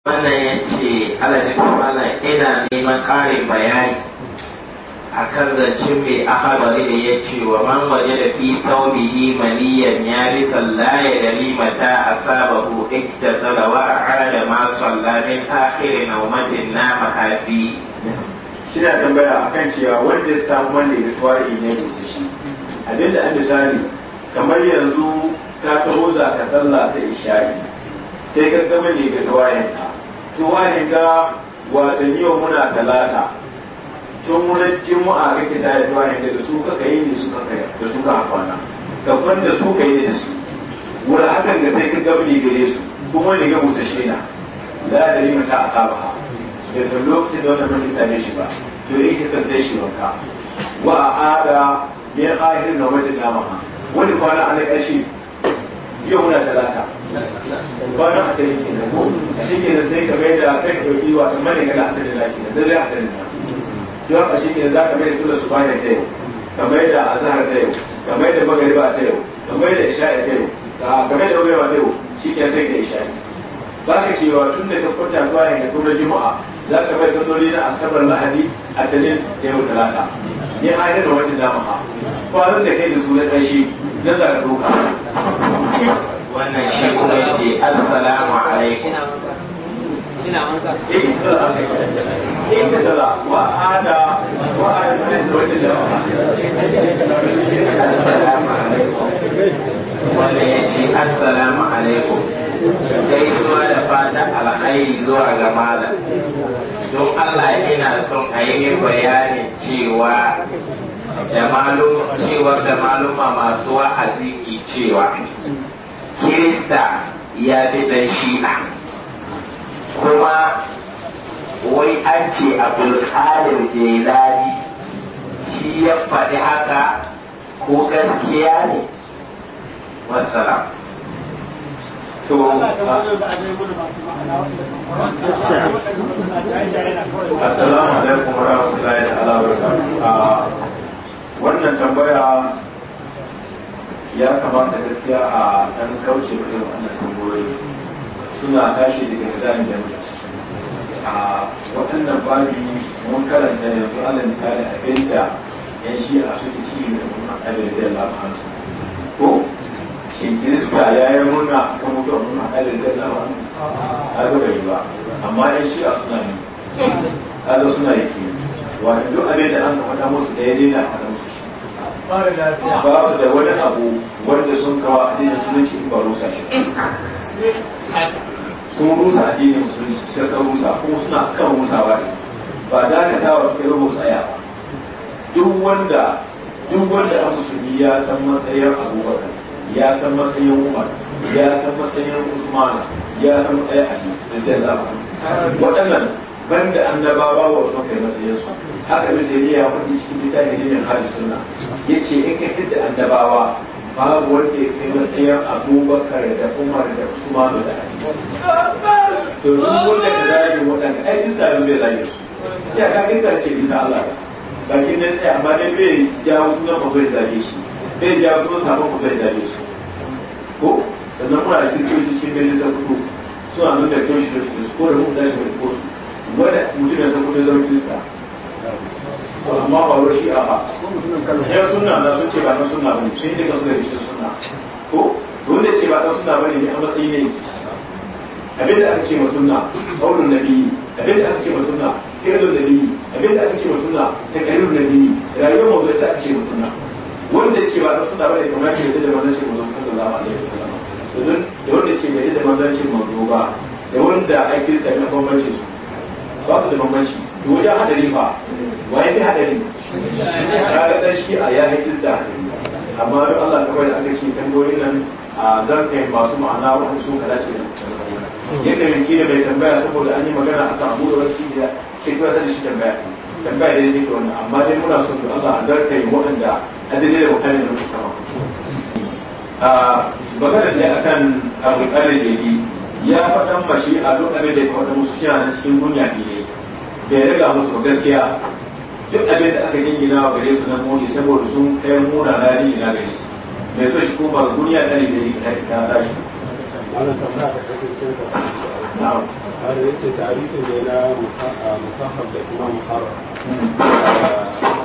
wannan ya ce alaji kamala ina neman ƙarin bayani a kan zancen mai ahadari da ya ce wa man waje da fi taubihi maniyan ya bi sallaya da limata a sababu ikita salawa a ƙada ma sallamin akhirin naumatin na mahafi shi na tambaya a kan cewa wanda ya samu wanda ya tuwari ne su shi abinda an misali kamar yanzu ka taho za ka sallah ta isha'i. sai ka gama ne ga tuwarinka tuwani ga watan muna talata tun wurin jimu'a a sa da tuwahin da su kaka yi ne su kai da su ka kwana gaban da su ka yi da su wala hakan ga sai ka gabni gare su kuma ne ga musa na la da ni mata asaba da san lokacin da wannan mun sai shi ba to ki san sai shi wanka wa ada ya ahirin na wata dama wani kwana a na ƙarshe yau muna talata ba na hada yake da ko shi ke da sai ka mai da sai ka ɗauki wa kamar ne gada hada da laki da zai hada da yau haka shi ke za ka mai da sula su bayan ta yau ka mai da azahar ta yau ka mai da magariba ta yau ka mai da isha'i ta yau ka mai da magariba ta yau shi ke sai ka isha'i ba ka cewa tun da ka kwanta zuwa yanka kuma juma'a za ka mai sanoli na asabar lahadi a talin da yau talata ne a yi da wata dama ba zan da kai da su na ƙarshe na za ka tsoka wannan shi kuma ya ce assalamu alaikum انتظر وهذا وهذا السلام عليكم wanda ya ce assalamu alaikum 'Assalamu alaikum'? gaisuwa da fata alhairi zuwa ga malam don allah ina son a yi min bayanin cewa da malum cewa da maluma masu wa'azi ke cewa kirista ya fi ɗan shi'a kuma wai an ce abdulkadir jelani shi ya faɗi haka ko gaskiya ne wassalam assalamu alaikum warahmatullahi ta'ala ah, wannan tambaya ya kamata gaskiya a ɗan kauce da yau wannan tambayoyi suna tashi daga hizamin da mutu a waɗannan babi mun karanta yanzu alal misali abinda yan a suke ci da kuma adadin labaran ko shin kirista ya yi murna a kan mutu a murna adadin labaran a ga bai ba amma yan a suna ne kaga suna yake wa duk abin da an kamata musu ɗaya daina a faɗa musu shi ba su da wani abu wanda sun kawo addinin musulunci in ba rusa shi sun rusa addinin musulunci cikin ɗan rusa kuma suna kan ba ne ba dakatawa kai rubu tsaya duk wanda duk wanda an musulmi ya san matsayin abubakar ya san matsayin umar ya san matsayin usmana ya san matsayin ali da waɗannan banda baba wa wasu kai matsayinsu haka da dai ya faɗi cikin littafin dinin hali sunna yace in ka da baba babu wanda ya kai matsayin abubakar da umar da usman da ali to duk wanda ka zagi waɗanda ai bisa abin bai zage su ya ka ka ce bisa Allah bakin ne sai amma ne bai jawo sunan mu bai zage shi bai jawo suna sabon mu bai zage su ko sannan muna da kirkiyoyi cikin birnin su suna nuna kyau shi da su ko da mun da shi mai ko wanda mutum ya san kudin zama kirista amma ba wa shi aha yan sunna na sun ce ba na sunna bane sun yi kasu da rishin sunna ko wanda ce ba ta sunna bane ne a matsayi ne abinda aka ce ma suna sunna qaulun nabiyyi da aka ce ma suna sunna fi'lun nabiyyi da aka ce ma suna sunna na biyi. rayuwar mu da aka ce ma sunna wanda ce ba ta sunna bane kamar ce da manzon shi manzon sallallahu alaihi wasallam da wanda ce bai da manzon shi manzo ba da wanda ake kuma bambancin su ba su da bambanci to wajen hadari ba waye fi hadari Ya dan shi a ya haƙi sa amma yau Allah ta da aka ce tambayoyin nan a zarkayin masu ma'ana wani kala kalace da yadda mai kila bai tambaya saboda an yi magana a kan abubuwa wasu kila ke kira ta da shi tambaya tambaya da yake wannan amma dai muna son da Allah a zarkayin waɗanda adadai da wakalin da muka sama magana da akan abu ƙarin da yi ya faɗan mashi a duk abin da ya faɗa musu shi na cikin duniya ne bai riga musu gaskiya duk abin da aka gina wa gare su na muni saboda sun kai muna na jingina gare su mai so shi kuma ba duniya ɗari da yi ta ta shi. Wannan tambaya ta kasance da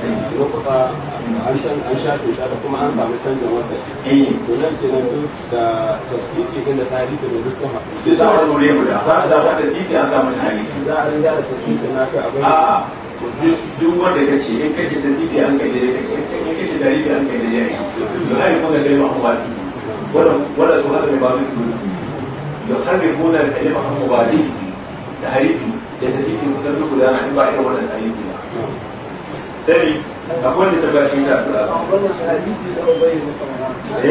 muka an shafe ta da kuma an samu canjin wasa eh, to nan kenan duk da tasbiki din da tarihi da duk sun haɗu duk guda za a samu tasbiki a samu tarihi za a rinja da na kai abin a duk wanda ka ce in kace an kai in kace tarihi an kai to ai kuma kai kuma wala wala to hada ba su da da an da harifi da duk ba wannan tarihi sani akwai da ta ba shi ta sura eh? abi ubayu shi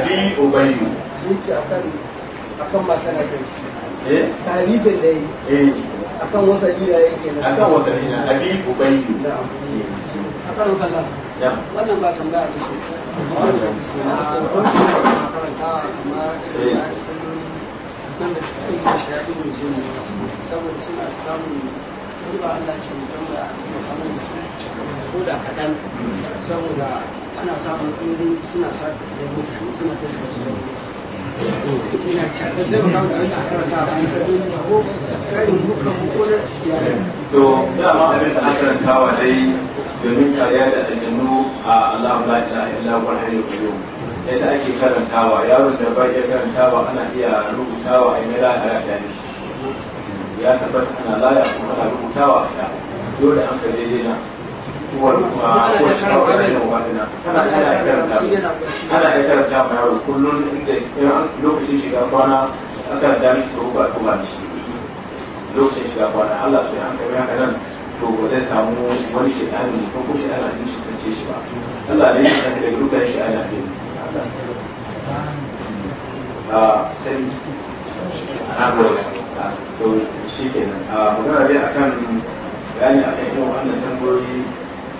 eh? eh. akan akan masana kai talibin da yi akan wasali da yake nan akan wasali na abi ubayu akan kala wannan ba tambaya ta shi a wannan karanta kamar irin da salloli nan da yi da shaɗin jin saboda suna samun addu'a Allah ce mu samun da su ko da kaɗan saboda ana samun suna sa da mutane suna da su da ina da zai ba da karanta ba an sabbin ko karin ko to abin da aka dai domin kariya da aljanu a Allah la ilaha illa huwa al qayyum yadda ake karantawa yaron da ba ya karantawa ana iya rubutawa a yi mala a yaɗa ya tabbata ana laya kuma ana rubutawa a sha dole an ka daidai na kuma kuma ko shi na wani da wani na tana iya karanta ana iya karanta ma yaro kullum inda lokacin shiga kwana an karanta mishi ko ba ko ba mishi lokacin shiga kwana Allah su an kai haka nan to ba zai samu wani shekaru ko ko shi ana jin shi tsace shi ba Allah ne shi kan da duka shi ana ah, jin a sai an ah, gode ah, to shi ke nan a magana dai akan bayani akan irin wannan sanarori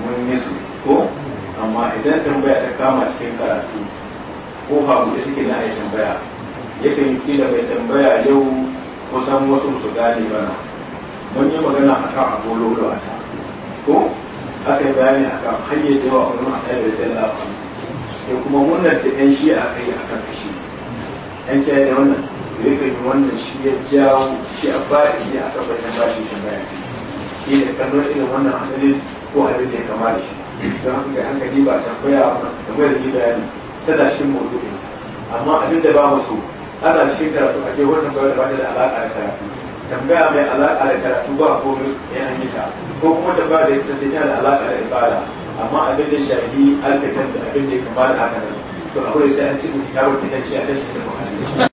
mun yi su ko amma idan tambaya ta kama cikin karatu ko hagu da shi ke na a tambaya yakan kila mai tambaya yau kusan wasu su gane mana mun yi magana a kan agololo a ta ko aka yi bayani a kan hanyar da yawa wani a ɗaya da ɗaya da kuma munar da 'yan shi a kai a kan kashi 'yan kiyaye da wannan to yakan yi wannan shi ya jawo shi a ba'isi a kan bayan bashi shi bayan shi ne kallon irin wannan hannun ko abin da ya kama da shi don haka ga hankali ba tambaya koya ba kamar da ni bayani tana shi maudu'i amma abin da ba mu so ana shi karatu a ke wannan bayar da ba ta da alaƙa da karatu tambaya mai alaƙa da karatu ba komai ya an yi ta ko kuma da ba da ya kasance tana da alaƙa da ibada amma abin da shafi alfitan da abin da ya kama da haka nan to akwai sai an ci mutu ya wuce ta ce a can shi da